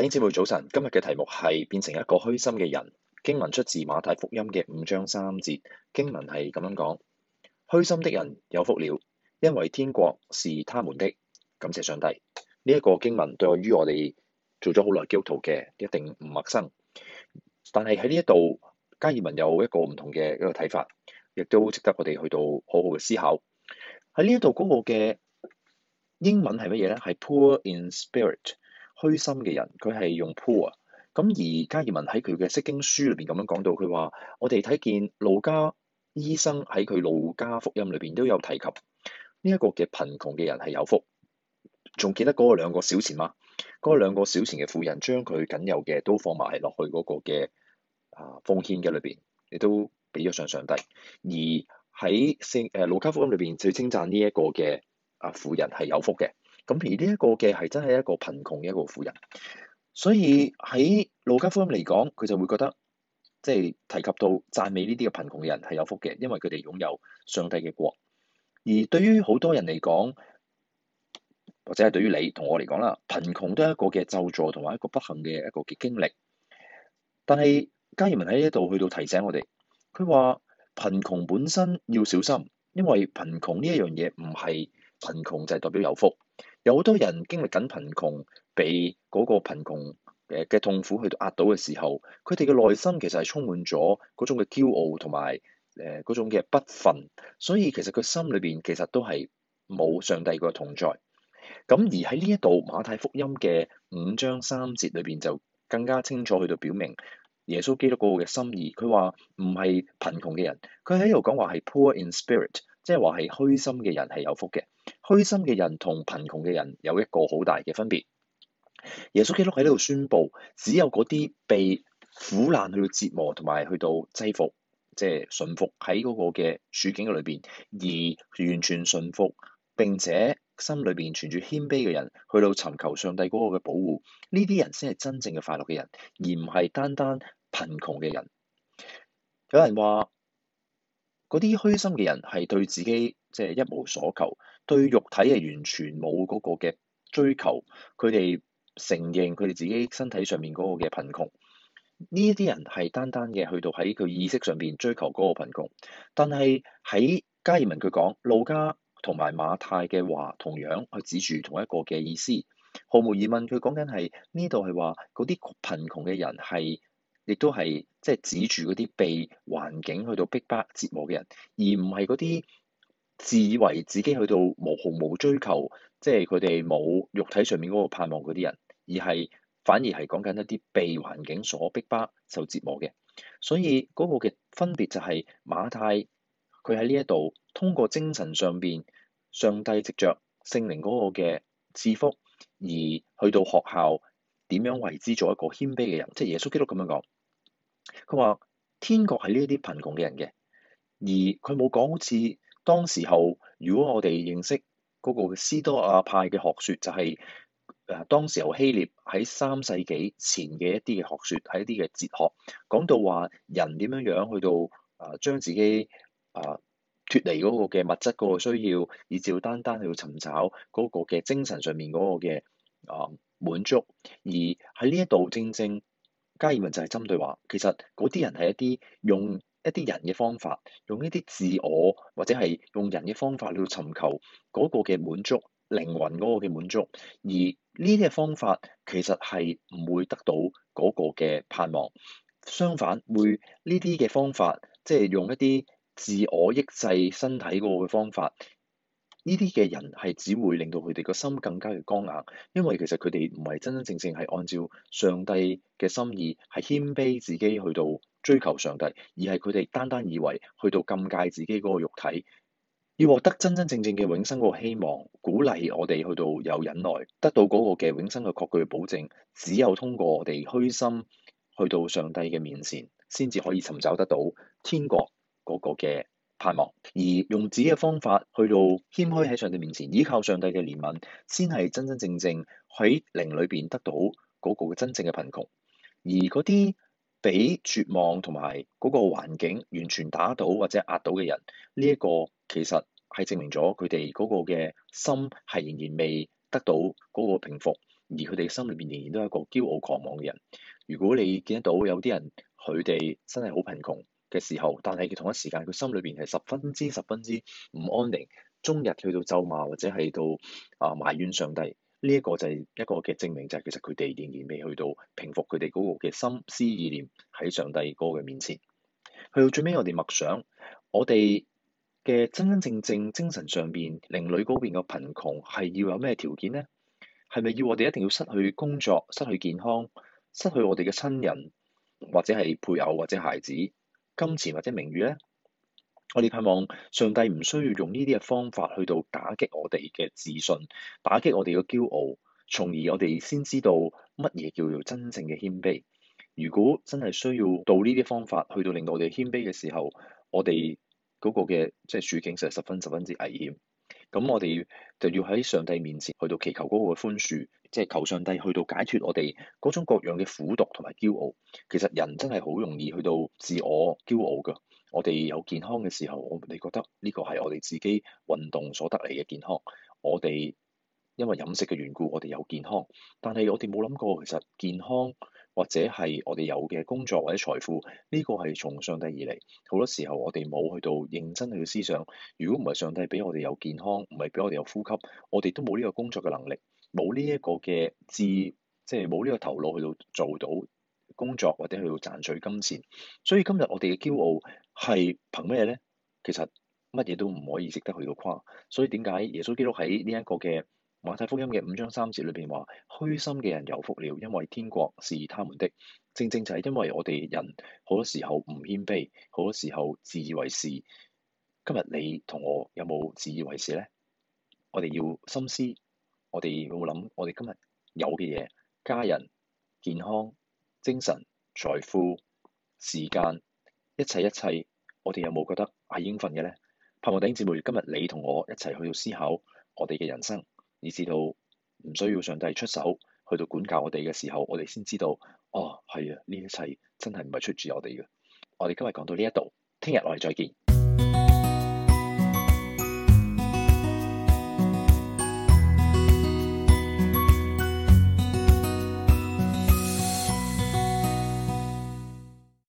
弟兄姊妹早晨，今日嘅題目係變成一個虛心嘅人。經文出自馬太福音嘅五章三節，經文係咁樣講：虛心的人有福了，因為天國是他們的。感謝上帝，呢一個經文對於我哋做咗好耐基督徒嘅一定唔陌生。但係喺呢一度，加爾文有一個唔同嘅一個睇法，亦都值得我哋去到好好嘅思考。喺呢一度嗰個嘅英文係乜嘢咧？係 poor in spirit。虛心嘅人，佢係用 p o o r 啊。咁而加爾文喺佢嘅《釋經書》裏邊咁樣講到，佢話：我哋睇見路加醫生喺佢路加福音裏邊都有提及，呢、這、一個嘅貧窮嘅人係有福。仲記得嗰兩個小錢嗎？嗰、那、兩、個、個小錢嘅婦人將佢僅有嘅都放埋落去嗰個嘅啊奉獻嘅裏邊，亦都俾咗上上帝。而喺聖誒路加福音裏邊，最稱讚呢一個嘅啊婦人係有福嘅。咁而呢一個嘅係真係一個貧窮嘅一個富人，所以喺路加福音嚟講，佢就會覺得，即係提及到讚美呢啲嘅貧窮嘅人係有福嘅，因為佢哋擁有上帝嘅國。而對於好多人嚟講，或者係對於你同我嚟講啦，貧窮都係一個嘅咒詛同埋一個不幸嘅一個嘅經歷。但係加爾文喺呢度去到提醒我哋，佢話貧窮本身要小心，因為貧窮呢一樣嘢唔係貧窮就係代表有福。有好多人經歷緊貧窮，被嗰個貧窮嘅痛苦去到壓倒嘅時候，佢哋嘅內心其實係充滿咗嗰種嘅驕傲同埋誒嗰種嘅不忿，所以其實佢心裏邊其實都係冇上帝個同在。咁而喺呢一度馬太福音嘅五章三節裏邊就更加清楚去到表明耶穌基督嗰個嘅心意，佢話唔係貧窮嘅人，佢喺度講話係 poor in spirit，即係話係虛心嘅人係有福嘅。虛心嘅人同貧窮嘅人有一個好大嘅分別。耶穌基督喺呢度宣佈，只有嗰啲被苦難去到折磨同埋去到制服，即係順服喺嗰個嘅處境嘅裏邊，而完全順服，並且心裏邊存住謙卑嘅人，去到尋求上帝嗰個嘅保護，呢啲人先係真正嘅快樂嘅人，而唔係單單貧窮嘅人。有人話，嗰啲虛心嘅人係對自己。即係一無所求，對肉體係完全冇嗰個嘅追求。佢哋承認佢哋自己身體上面嗰個嘅貧窮，呢啲人係單單嘅去到喺佢意識上邊追求嗰個貧窮。但係喺加爾文佢講路加同埋馬太嘅話，同樣去指住同一個嘅意思。毫無疑問，佢講緊係呢度係話嗰啲貧窮嘅人係亦都係即係指住嗰啲被環境去到逼迫折磨嘅人，而唔係嗰啲。自以為自己去到無毫無追求，即係佢哋冇肉體上面嗰個盼望嗰啲人，而係反而係講緊一啲被環境所逼迫受折磨嘅。所以嗰個嘅分別就係馬太佢喺呢一度通過精神上面上帝藉着、聖靈嗰個嘅賜福而去到學校點樣為之做一個謙卑嘅人，即係耶穌基督咁樣講。佢話天國係呢一啲貧窮嘅人嘅，而佢冇講好似。當時候，如果我哋認識嗰個斯多亞派嘅學説，就係、是、誒當時候希臘喺三世紀前嘅一啲嘅學説，喺一啲嘅哲學講到話人點樣樣去到誒、啊、將自己誒脱、啊、離嗰個嘅物質嗰個需要，以照會單單去尋找嗰個嘅精神上面嗰個嘅啊滿足。而喺呢一度正正加爾文就係針對話，其實嗰啲人係一啲用。一啲人嘅方法，用一啲自我或者係用人嘅方法去尋求嗰個嘅滿足、靈魂嗰個嘅滿足，而呢啲嘅方法其實，係唔會得到嗰個嘅盼望，相反會呢啲嘅方法，即係用一啲自我抑制身體嗰個方法。呢啲嘅人係只會令到佢哋個心更加嘅剛硬，因為其實，佢哋唔係真真正正係按照上帝嘅心意，係謙卑自己去到追求上帝，而係佢哋單單以為去到禁戒自己嗰個肉體，要獲得真真正正嘅永生嗰個希望，鼓勵我哋去到有忍耐，得到嗰個嘅永生嘅確據保證，只有通過我哋虛心去到上帝嘅面前，先至可以尋找得到天國嗰個嘅盼望，而用自己嘅方法去到謙虛喺上帝面前，依靠上帝嘅憐憫，先係真真正正喺靈裏邊得到嗰個真正嘅貧窮。而嗰啲俾絕望同埋嗰個環境完全打倒或者壓倒嘅人，呢一個其實係證明咗佢哋嗰個嘅心係仍然未得到嗰個平復，而佢哋心裏邊仍然都係一個驕傲狂妄嘅人。如果你見得到有啲人佢哋真係好貧窮。嘅時候，但係佢同一時間，佢心裏邊係十分之十分之唔安寧，終日去到咒罵或者係到啊埋怨上帝。呢、這個、一個就係一個嘅證明，就係、是、其實佢哋仍然未去到平復佢哋嗰個嘅心思意念喺上帝哥嘅面前。去到最尾，我哋默想，我哋嘅真真正正精神上邊，靈裏嗰邊嘅貧窮係要有咩條件呢？係咪要我哋一定要失去工作、失去健康、失去我哋嘅親人或者係配偶或者孩子？金錢或者名譽咧，我哋盼望上帝唔需要用呢啲嘅方法去到打擊我哋嘅自信，打擊我哋嘅驕傲，從而我哋先知道乜嘢叫做真正嘅謙卑。如果真係需要到呢啲方法去到令到我哋謙卑嘅時候，我哋嗰個嘅即係處境實係十分十分之危險。咁我哋就要喺上帝面前去到祈求嗰個寬恕，即係求上帝去到解脫我哋各種各樣嘅苦毒同埋驕傲。其實人真係好容易去到自我驕傲㗎。我哋有健康嘅時候，我哋覺得呢個係我哋自己運動所得嚟嘅健康。我哋因為飲食嘅緣故，我哋有健康，但係我哋冇諗過，其實健康。或者係我哋有嘅工作或者財富，呢個係從上帝而嚟。好多時候我哋冇去到認真去思想，如果唔係上帝俾我哋有健康，唔係俾我哋有呼吸，我哋都冇呢個工作嘅能力，冇呢一個嘅智，即係冇呢個頭腦去到做到工作或者去到賺取金錢。所以今日我哋嘅驕傲係憑咩咧？其實乜嘢都唔可以值得去到誇。所以點解耶穌基督喺呢一個嘅，馬太福音嘅五章三節裏邊話：虛心嘅人有福了，因為天國是他們的。正正就係因為我哋人好多時候唔謙卑，好多時候自以為是。今日你同我有冇自以為是咧？我哋要深思，我哋有冇諗？我哋今日有嘅嘢、家人、健康、精神、財富、時間，一切一切，我哋有冇覺得係應份嘅咧？盼望頂姐妹，今日你同我一齊去思考我哋嘅人生。以至到唔需要上帝出手去到管教我哋嘅時候，我哋先知道哦，係啊，呢一切真係唔係出自我哋嘅。我哋今日講到呢一度，聽日我哋再見。